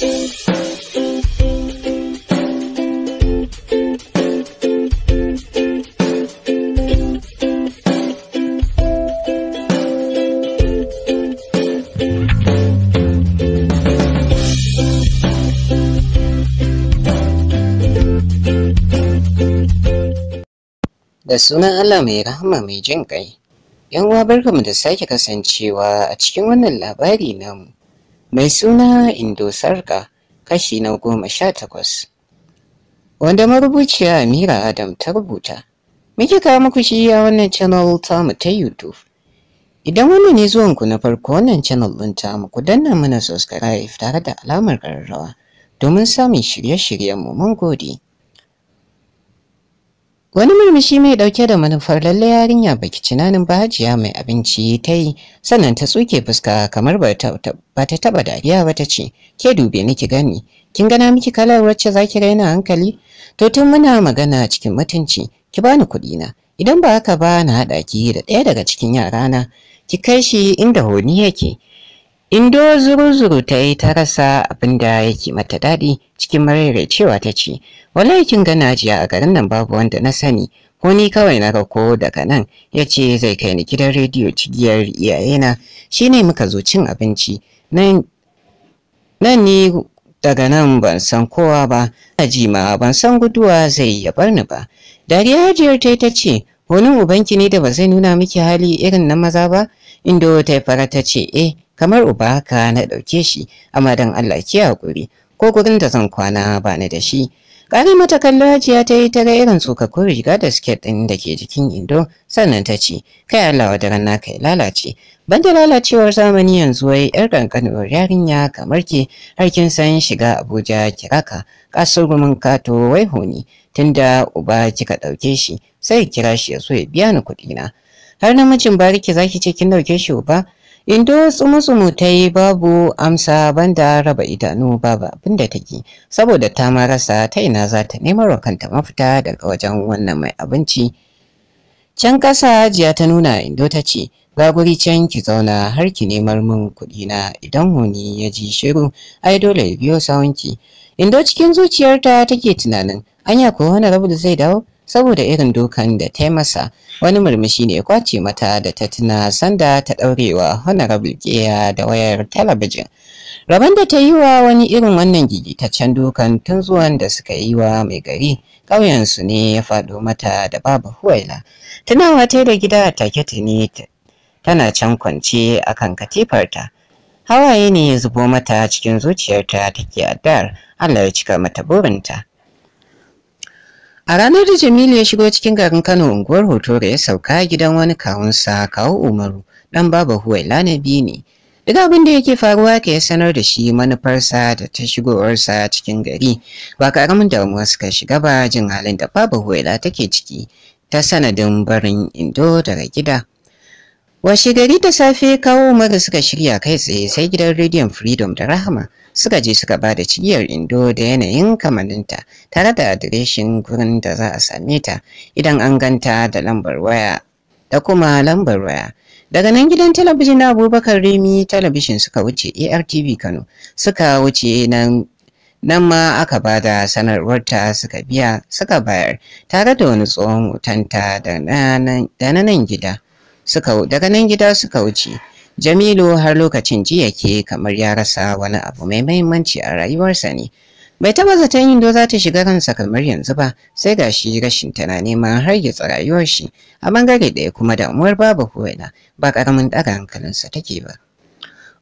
da sunan Allah mai rahama mai jin ƙai. 'yan uwa barkamu da sake kasancewa a cikin wannan labari namu mai suna indo sarka kashi na goma sha takwas wanda marubuciya amira adam ta rubuta muke kawo muku shi a wannan channel tamu ta youtube idan wannan ne zuwanku na farko wannan channel ɗin tamu ku danna mana subscribe tare da alamar ƙararrawa domin samun shirye shiryen mu mun gode Wani murmushi mai dauke da manufar lalle yarinya baki cinanin ba hajiya mai abinci ta yi sannan ta tsuke fuska kamar ba ta taba dariya ba ta ce ke dube ni ki gani kin gana miki kalar wacce zaki raina hankali to tun muna magana cikin mutunci ki bani kuɗi na idan ba haka ba na haɗa ki da ɗaya daga cikin yarana ki kai shi inda honi yake Indo zuru-zuru ta yi ta rasa abin da yake mata daɗi cikin maraira cewa ta ce, Wallahi kin gana a garin nan babu wanda na sani, ko ni kawai na rako daga nan ya ce zai kai ni gidan rediyo cigiyar iyayena shi ne muka zo cin abinci. Nan ni daga nan ban san kowa ba, na ji ma ban san guduwa zai ya bar ni ba. Dariya hajiyar ta ta ce, Wani ubanki ne da ba zai nuna miki hali irin na maza ba? Indo ta yi fara ta ce, eh, kamar uba haka na ɗauke shi amma dan Allah ki hakuri ko gurin da zan kwana ba ni da shi kare mata kallo hajiya ta yi ta ga irin tsokakkun riga da siket ɗin da ke jikin indo sannan ta ce kai Allah wadaran na kai lalace banda lalacewar zamani yanzu wai yar kankanuwar yarinya kamar ke har kin san shiga Abuja kiraka gumin kato wai honi tunda uba kika ɗauke shi sai kira shi ya so ya biya ni kuɗi na har namijin bariki zaki ce kin dauke shi uba Indo tsumu-tsumu ta yi babu amsa banda raba idanu babu abin da take saboda ta ma rasa ta ina za ta nemar wa kanta mafita daga wajen wannan mai abinci. Can ƙasa jiya ta nuna Indo ta ce ga guri can ki zauna har ki nemar min kuɗi na idan huni ya ji shiru ai dole ya biyo sawunki. Indo cikin zuciyarta take tunanin anya ko wani rabu da zai dawo saboda irin dukan da ta masa wani murmushi ne kwace mata da ta tuna sanda ta ɗaurewa honorable kiya da wayar talabijin Rabon da ta yi wa wani irin wannan gigitaccen dukan tun zuwan da suka yi wa mai gari ƙauyensu ne ya faɗo mata da babu huwaila. Tunawa ta da gida take tuni tana can kwance a kan katifarta. Hawaye ne ya zubo mata cikin zuciyarta take addar Allah ya cika mata burinta. A ranar da Jamilu ya shigo cikin garin Kano unguwar Hotore ya sauka gidan wani kawunsa kawo Umaru dan baba Huwaila na biyu ne. Duk abin da yake faruwa ka ya sanar da shi manufarsa da ta shigowarsa cikin gari ba karamin damuwa suka shiga ba jin halin da baba Huwaila take ciki ta sanadin barin Indo daga gida. Washe gari da safe kawo Umaru suka shirya kai tsaye sai gidan rediyon Freedom da Rahama suka je suka ba da cigiyar indo da yanayin kamaninta tare da adireshin gurin da za a same ta idan an ganta da lambar waya da kuma lambar waya. Daga nan gidan talabijin na Abubakar Remi talabijin suka wuce ARTV Kano suka wuce nan nan ma aka ba da sanarwarta suka biya suka bayar tare da wani tsohon hutanta da na daga nan gida suka wuce Jamilu har lokacin jiya ke kamar ya rasa wani abu mai mahimmanci a rayuwarsa ne. Bai taba zaton yin za ta shiga kansa kamar yanzu ba, sai ga shi rashin tana neman har ya rayuwar shi, a bangare ɗaya kuma damuwar babu ko'ina ba ƙaramin ɗaga hankalinsa take ba.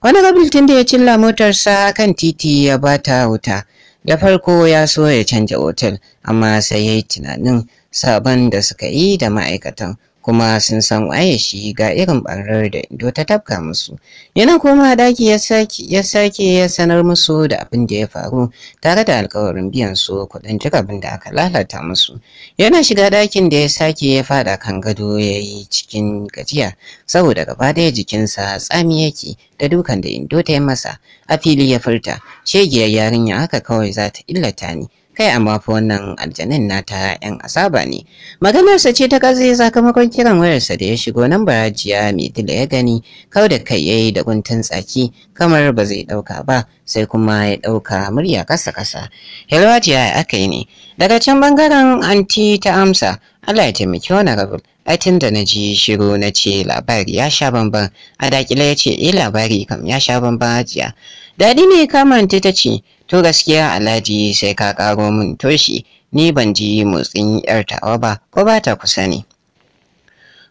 Wani gabiltin da ya cilla motarsa kan titi ya ba ta wuta, da farko ya so ya canja otal, amma sai ya yi tunanin sabon da suka yi da ma'aikatan kuma sun san waye shi ga irin barnar da indo ta tafka musu yana koma daki ya sake ya sanar musu da abin da ya faru tare da alƙawarin biyan su kuɗin jira abin da aka lalata musu yana shiga dakin da ya sake ya fada kan gado ya yi cikin gajiya saboda gaba ɗaya jikinsa tsami yake da dukan da indo ta yi masa a fili ya furta shegiyar yarinya haka kawai za ta illata ni kai amma fa wannan aljanin nata yan asaba ne maganarsa ce ta kaze sakamakon kiran wayarsa da ya shigo nan barajiya mai tila ya gani kau da kai yayi da guntun tsaki kamar ba zai dauka ba sai kuma ya dauka murya kasa kasa helwajiya aka yi ne daga can bangaren anti ta amsa Allah ya taimaki wani rabu. a tun da na ji shiru na ce labari ya sha bamban a dakila ya ce eh labari kam ya sha bamban ajiya daɗi ne kamanta ta ce to gaskiya alhaji sai ka karo min toshi ni ban ji motsin yar tawa ba ko ba ta kusa ne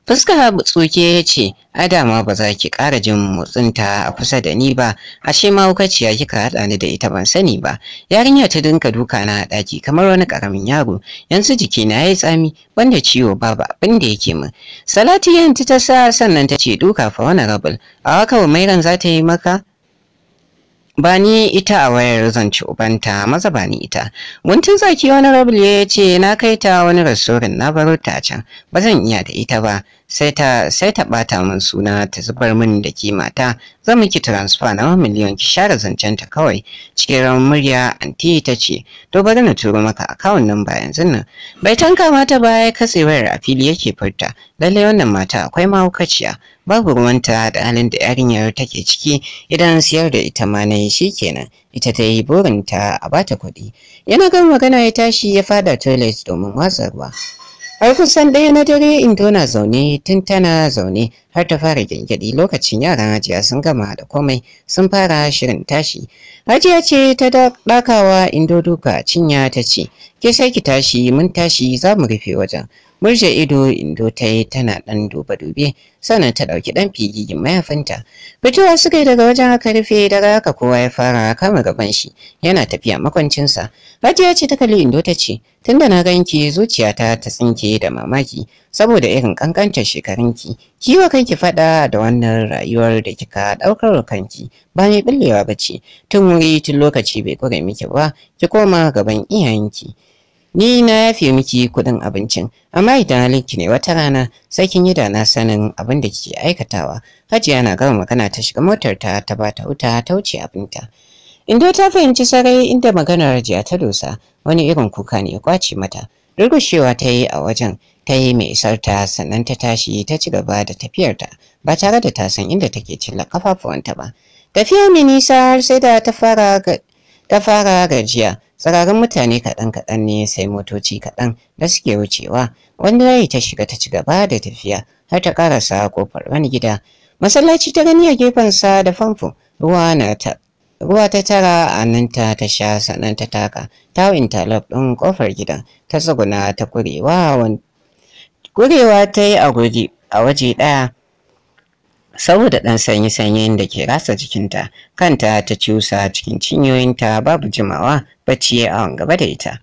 fuska tsoke ya ce adama ba za ki ƙara jin motsinta a kusa da ni ba ashe ma wukaciya kika haɗa ni da ita ban sani ba yarinya ta dinka duka na ɗaki kamar wani ƙaramin yaro yanzu jiki na yayi tsami banda ciwo babu abin da yake min salati yanti ta sa sannan ta ce duka fa wani rabul a haka mairan za ta yi maka ba ni ita a wayar zance ubanta maza ba ni ita guntun zaki wani rabu ya ce na kai ta wani rasurin na baro ta can ba zan iya da ita ba sai ta sai ta bata min suna ta zubar min da kimata zan miki transfer na miliyan ki share zancen ta kawai cikin ran murya anti ta ce to bari na turo maka account nan ba yanzu nan bai tanka mata ba ya katse wayar a fili yake furta lalle wannan mata akwai mahaukaciya babu ruwanta da halin da yarinyar take ciki idan siyar da ita ma na yi shikenan ita ta yi burinta a bata kuɗi yana gama magana ya tashi ya fada toilet domin watsa ruwa ai kusan ɗaya na dare indo na zaune tun tana zaune har ta fara gyangyaɗi lokacin yaran Hajiya sun gama da komai sun fara shirin tashi. Hajiya ce ta ɗakawa indo duka cinya ta ce, ke sai ki tashi mun tashi za mu rufe wajen. Murje ido indo ta yi tana ɗan duba-dube sannan ta ɗauki ɗan figigin mayafinta. Fitowa suka yi daga wajen aka rufe daga haka kowa ya fara kama gaban shi yana tafiya makwancinsa. Hajiya ce ta kalli indo ta ce, tunda na ganki zuciyata ta tsinke da mamaki saboda irin kankancin shekarunki ki wa kanki fada da wannan rayuwar da kika daukar kanki ba mai billewa bace tun wuri tun lokaci bai kure miki ba ki koma gaban iyayenki ni na yafe miki kuɗin abincin amma idan halinki ne wata rana sai kin yi da na sanin abin da kike aikatawa hajiya na gama magana ta shiga motar ta ta bata wuta ta wuce abinta indo ta fahimci sarai inda maganar jiya ta dosa wani irin kuka ne ya kwace mata Rugushewa ta yi a wajen ta yi mai sarta sannan ta tashi ta ci gaba da tafiyarta ba tare da ta san inda take cilla kafafuwanta ba. Tafiya mai nisa har sai da ta fara gajiya tsirarin mutane kaɗan-kaɗan ne sai motoci kaɗan da suke wucewa wanda rai ta shiga ta ci gaba da tafiya har ta ƙarasa kofar wani gida masallaci ta gani a gefensa da famfo ruwa na ta ruwa ta tara a nan ta sha sannan ta taka ta intalab ɗin kofar gidan ta tsuguna ta kurewa kurewa ta yi a guri a waje ɗaya saboda ɗan sanyi-sanyin da ke rasa jikinta kanta ta ciusa cikin cinyoyinta babu jimawa bacci a gaba da ita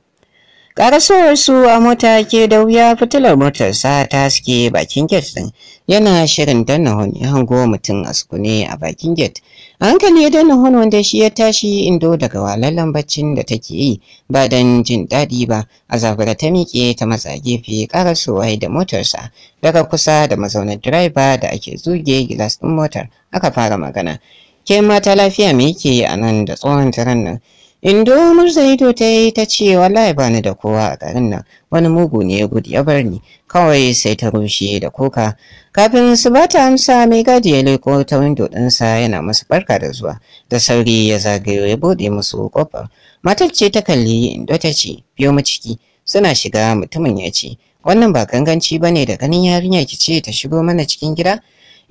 Ƙarasowar su a mota ke da wuya fitilar motarsa ta haske bakin get ɗin yana shirin danna ya hango mutum a sukune a bakin get. A hankali ya danna hon wanda shi ya tashi indo daga walalan baccin da take yi ba dan jin daɗi ba a zabura ta miƙe ta matsa gefe ƙarasowa da motarsa daga kusa da mazaunar direba da ake zuge gilas ɗin motar aka fara magana. Ke mata lafiya me yake a nan da tsohon tiran nan? Indo ido ta yi ta ce wallahi bani da kowa a garin nan wani mugu ne ya gudu ya bar ni kawai sai ta rushe da kuka kafin su ba ta amsa mai gadi ya leko ta windo ɗinsa yana masu barka da zuwa da sauri ya zagayo ya buɗe musu kofa. matar ce ta kalli indo ta ce biyo mu ciki suna shiga mutumin ya ce wannan ba ganganci ba ne da ganin yarinya ki ce ta shigo mana cikin gida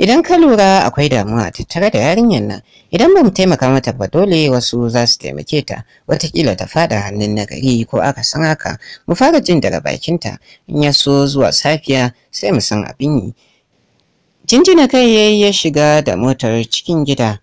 Idan ka lura akwai damuwa tattare da yarinyar nan, idan ba mu taimaka mata ba dole wasu za su taimake ta, watakila ta fada hannun nagari ko aka san haka, mu fara jin daga bakinta, in ya so zuwa safiya sai mu san abin yi. Jinjina kai yayi ya shiga da motar cikin gida.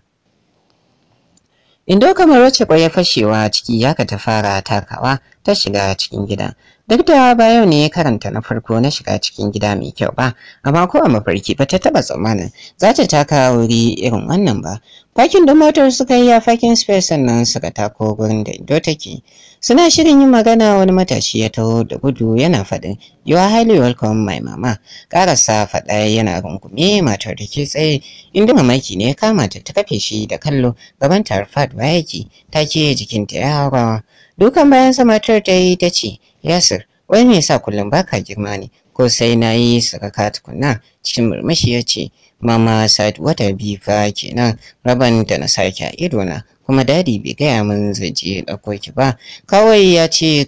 Indo kamar wacce ya fashewa ciki ka ta fara takawa ta shiga cikin gida. Duk da ba yau ne ya karanta na farko na shiga cikin gida mai kyau ba, amma ko a mafarki ba ta taba tsammanin za ta taka wuri irin wannan ba. Fakin da motar suka yi a fakin space sannan suka tako gurin da ido take. Suna shirin yin magana wani matashi ya taho da gudu yana faɗin you are highly welcome my mama. ƙarasa faɗa yana rungume matar da ke tsaye inda mamaki ne ya kama ta ta kafe shi da kallo gaban tarfad rufat yake take jikinta ya hawa. Dukan bayan samatar ta yi ta ce, Yasir, wai me yasa kullum ba ka girma ne, ko sai na yi sakaka tukunna cikin murmushi ya ce, Mama Sa'ad wata biyu fa kenan raban da na sake a idona kuma dadi bai gaya min zai je ɗauko ba kawai ya ce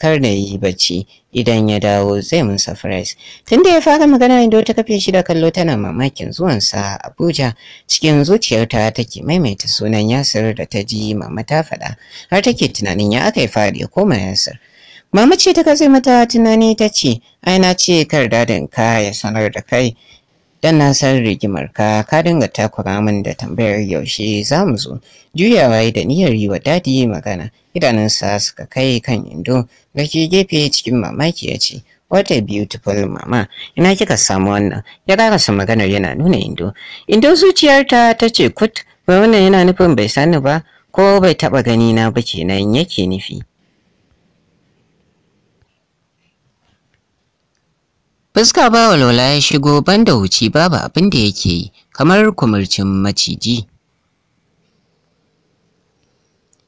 kar da yi bacci idan ya dawo zai mun surprise tunda ya fara magana indo ta kafe shi da kallo tana mamakin zuwansa Abuja cikin zuciyarta take maimaita sunan Yasir da ta ji mama ta faɗa har take tunanin ya aka yi fari ya koma Yasir mama ce ta katse mata tunani ta ce ai na ce kar dadin ka ya sanar da kai Dan na san rigimar ka ka dinga takura min da tambayar yaushe za mu zo. Juyawa da niyyar yi wa dadi magana, idanunsa suka kai kan indo da ke gefe cikin mamaki ya ce, What a beautiful mama, ina kika samu wannan, ya karasa maganar yana nuna indo. Indo zuciyarta ta ce kut, wannan yana nufin bai sani ba, ko bai taɓa gani na ba kenan yake nufi. fuska ba lola ya shigo banda wuce babu abin da yake yi kamar kumurcin maciji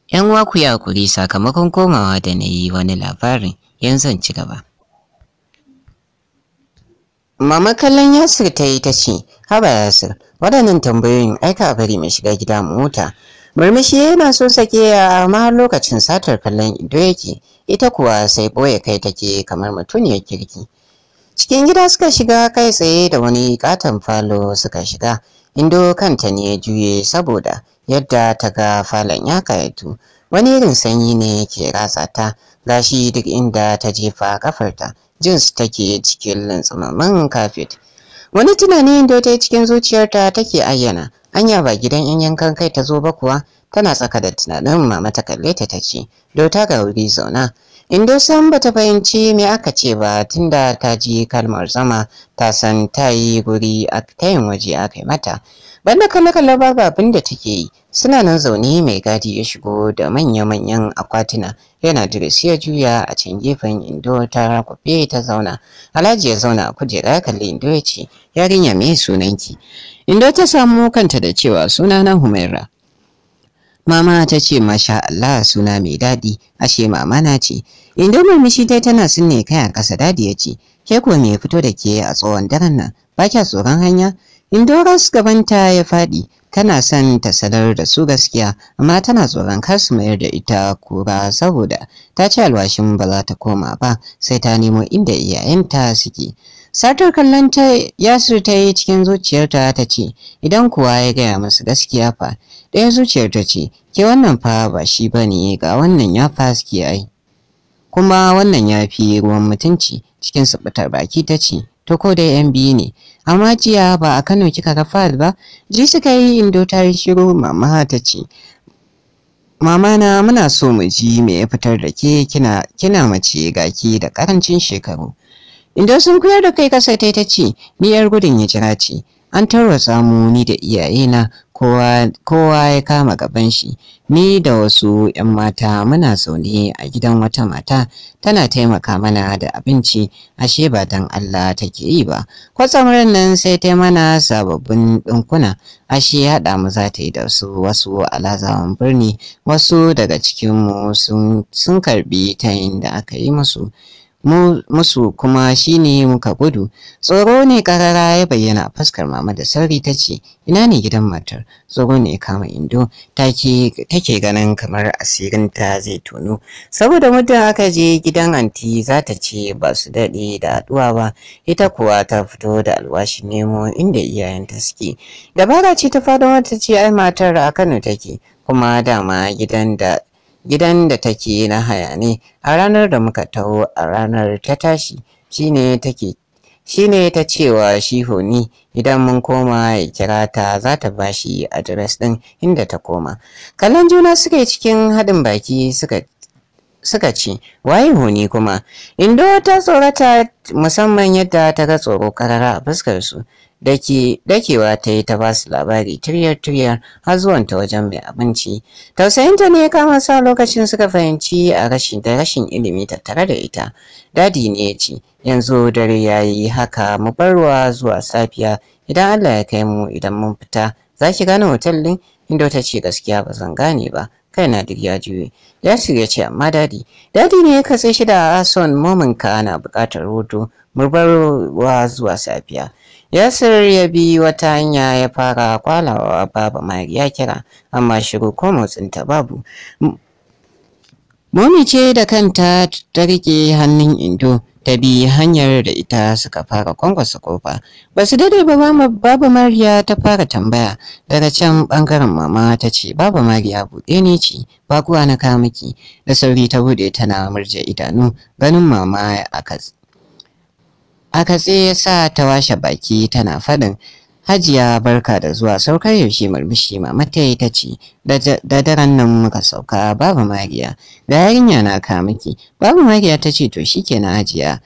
yan waku ya kuri sakamakon komawa da na yi wani labarin yanzu ci gaba mama kallon yasir ta yi ta ce haba yasir waɗannan tambayoyin aika bari mai shiga gida mota. Murmushi yana so sake amma lokacin satar kallon ido yake, ita kuwa sai boye kai take kamar mutum ya kirki. Cikin gida suka shiga kai tsaye da wani katon falo suka shiga, indo kanta ne ya juye saboda yadda ta ga falon ya kayatu. Wani irin sanyi ne ke ratsa ta, gashi duk inda ta jefa kafarta, jins take cikin lantsumaman kafet. Wani tunani indo ta cikin zuciyarta take ayyana, anya ba gidan yan yankan kai ta zo ba kuwa tana tsaka da tunanin mama ta kalle ta tace, do ta ga wuri zauna. Indo san bata fahimci me aka ce ba tunda ta ji kalmar zama ta san ta yi guri a tayin waje aka yi mata banda kalla kalla babu abin da take yi suna nan zaune mai gadi ya shigo da manya-manyan akwatuna yana dirisi ya juya a can gefen indo ta kwafe ta zauna alhaji ya zauna a kujera kalli indo ya ce yarinya me sunanki indo ta samu kanta da cewa sunana humaira Mama ta ce masha Allah suna mai daɗi ashe mama na ce inda murmushi dai tana sunne kai a ƙasa dadi ya ce ke kuwa me fito da ke a tsohon daren nan ba kya tsoron hanya Indoros gabanta ya faɗi tana son ta sanar da su gaskiya amma tana tsoron kar su mayar da ita kura saboda ta ce alwashin ba za ta koma ba sai ta nemo inda iyayenta suke. satar kallon ta yasir ta yi cikin zuciyarta ta ce idan kuwa ya gaya masu gaskiya fa ɗaya zuciyar ta ce ke wannan fa ba shi ba ne ga wannan ya fa suke ai kuma wannan ya fi ruwan mutunci cikin subutar baki ta ce to ko dai yan biyu ne amma jiya ba a kano kika ga ba ji suka yi indo ta yi shiru mama ta ce mama na muna so mu ji me ya fitar da ke kina mace ga ki da karancin shekaru Indo sun kuyar da kai kasa ta ta ce, ni yar gudun ya jira ce, an tarwatsa mu ni da iyayena kowa ya kama gaban shi, ni da wasu 'yan mata muna zaune a gidan wata mata tana taimaka mana da abinci ashe ba dan Allah take yi ba. Kwatsamarin nan sai ta mana sababbin ɗinkuna ashe haɗa mu za ta yi da su wasu alazawan birni wasu daga cikinmu sun karɓi tayin da aka yi musu. musu kuma shine muka gudu tsoro ne karara ya bayyana fuskar mama da sauri ta ce ina ne gidan matar tsoro ne kama indo take ganin kamar asirinta zai tono saboda muddin aka je gidan anti za ta ce ba su daɗe da haɗuwa ba ita kuwa ta fito da alwashi nemo inda iyayenta suke dabara ce ta faɗo wata ce ai matar a kano take kuma dama gidan da gidan da take na haya ne a ranar da muka taho a ranar ta tashi shine take ta cewa shi honi idan mun koma ya kira ta za ta bashi adres din inda ta koma kallon juna suke cikin haɗin baki suka suka ce waye honi kuma indo ta tsorata musamman yadda ta ga tsoro karara a fuskar su dakewa ta yi ta ba labari tiryar-tiryar har zuwan ta wajen mai abinci. Tausayinta ne ya kama sa lokacin suka fahimci a rashin da rashin ilimi tattare da ita. Dadi ne ya ce, yanzu dare ya yi haka mu barwa zuwa safiya idan Allah ya kai mu idan mun fita za ki gane hotel ɗin? Indo ta ce gaskiya ba zan gane ba. kai na duk ya juye Yasir ya ce amma dadi dadi ne ya katse shi da son momin ka ana bukatar hoto, murbarwa zuwa safiya Yasir ya bi wata hanya ya fara kwalawa baba Mariya ya kira amma shiru ko motsinta babu Momi ce da kanta ta rike hannun Indo ta bi hanyar da ita suka fara kwankwasa kofa ba su daidai ba babu mariya ta fara tambaya daga can bangaren mama ta ce babu mariya buɗe ne ce ba kuwa na kamuki da sauri ta buɗe tana murje idanu ganin mama a katse ya sa ta washe baki tana faɗin Hajiya barka da zuwa saukar yaushe murmushi mama ta yi ta ce da daren nan muka sauka babu magiya ga yarinya na ka miki babu magiya ta ce to shikenan hajiya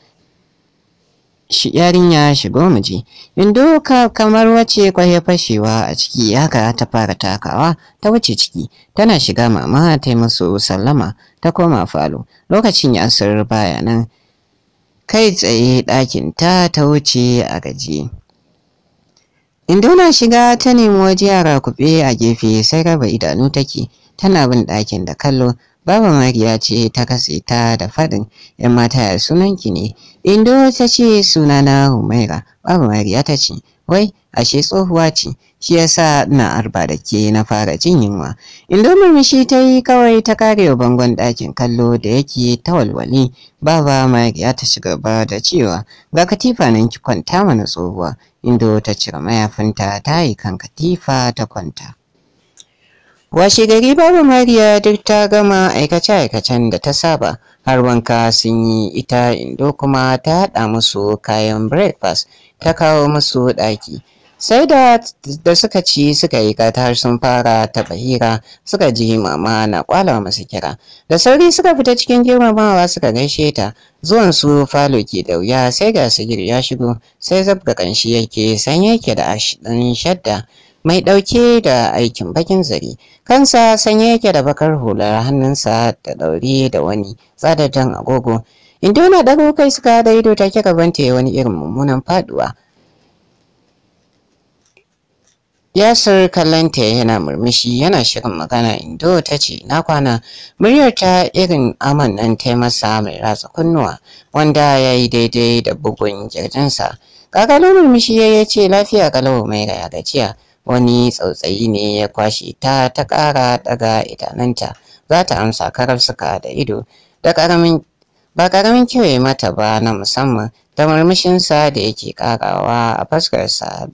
shi yarinya shigo mu je indo ka kamar wace kwaye fashewa a ciki ya haka ta fara takawa ta wuce ciki tana shiga mama ta yi musu sallama ta koma falo lokacin ya sarar baya kai tsaye ɗakin ta ta wuce a gaji na shiga ta nemi waje yara kuɓe a gefe sai raba idanu take tana bin ɗakin da kallo Baba Mariya ce ta katse ta da faɗin ‘yan mata ki ne, Indo ta ce sunana Humaira, Baba Mariya ta ce wai ashe tsohuwa ce shi yasa na arba da ke na fara jin yunwa indomin shi ta yi kawai ta karewa bangon ɗakin kallo da yake ta walwali baba mike ya ta shiga ba da cewa ga katifa na ki kwanta mana tsohuwa indo ta cire mayafinta ta yi kan katifa ta kwanta washe gari babu mariya duk ta gama aikace-aikacen da ta saba har wanka sun yi ita indo kuma ta haɗa musu kayan breakfast ta kawo musu ɗaki. Sai da, da suka ci suka yi katar sun fara taɓa hira suka ji mama na kwala masu kira. Da sauri suka fita cikin girmamawa suka gaishe ta, zuwan su falo ke da wuya sai ga sigir ya shigo sai ga kanshi yake san yake da ashidan shadda. mai ɗauke da aikin bakin zari, kansa sanye yake da bakar hular hannunsa da ɗaure da wani tsadadan agogo yana ɗago kai suka da ido kika banta ya wani irin mummunan faduwa. Yasir kallanta yana murmushi yana shirin magana indo ta ce na kwana muryar ta irin aman nan ta masa mai ratsa kunnuwa wanda ya yi daidai da bugun kirjinsa. Kakalo murmushi ya ce lafiya kalau mai raya gajiya wani tsautsayi ne ya kwashe ta ta ƙara daga idananta za ta amsa karar da ido da ƙaramin ba karamin kyau ya mata ba na musamman da murmushinsa da yake karawa a fuskarsa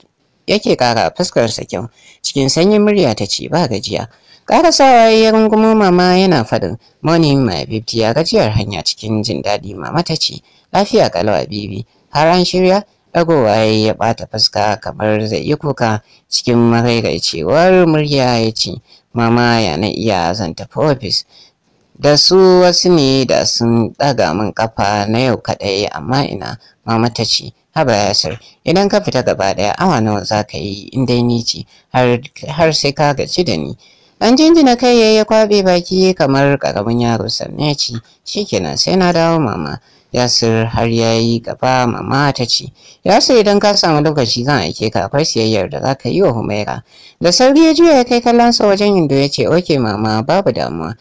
yake fuskarsa kyau cikin sanyin murya ta ce ba gajiya ƙarasawa ya rungumo mama yana faɗin morning my baby ya gajiyar hanya cikin jin daɗi mama ta ce lafiya ƙalau bibi har an shirya ɗagowa ya ɓata fuska kamar zai yi kuka cikin cewar murya ya ce mama ya iya zan tafi ofis da su wasu ne da sun ɗaga min kafa na yau kaɗai amma ina mama ta ce haba yasir idan ka fita gaba ɗaya awa nawa za ka yi Inda ni ce har sai ka gaji da ni an jinjina kai ya kwaɓe baki kamar ƙaramin yaro sannan ya ce shikenan sai na dawo mama Yasir har ya yi gaba mama ta ce, Yasir idan ka samu lokaci zan aike ka akwai siyayyar da za ka yi wa Humaira. Da sauri ya juya ya kai kallonsa wajen Indo ya ce, Oke mama babu damuwa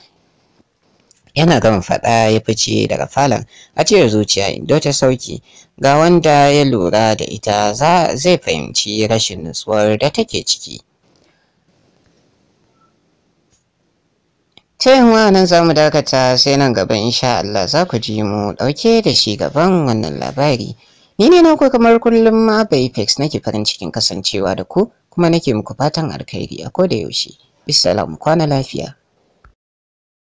yana gama faɗa ya fice daga falon a cire zuciya indo ta sauki ga wanda ya lura da ita zai fahimci rashin nutsuwar da take ciki Ta yin nan za mu dakata sai nan gaba insha Allah za ku ji mu ɗauke da shi gaban wannan labari ni ne naku kamar kullum ma apex nake farin cikin kasancewa da ku kuma nake muku fatan alkhairi a koda yaushe bisalamu kwana lafiya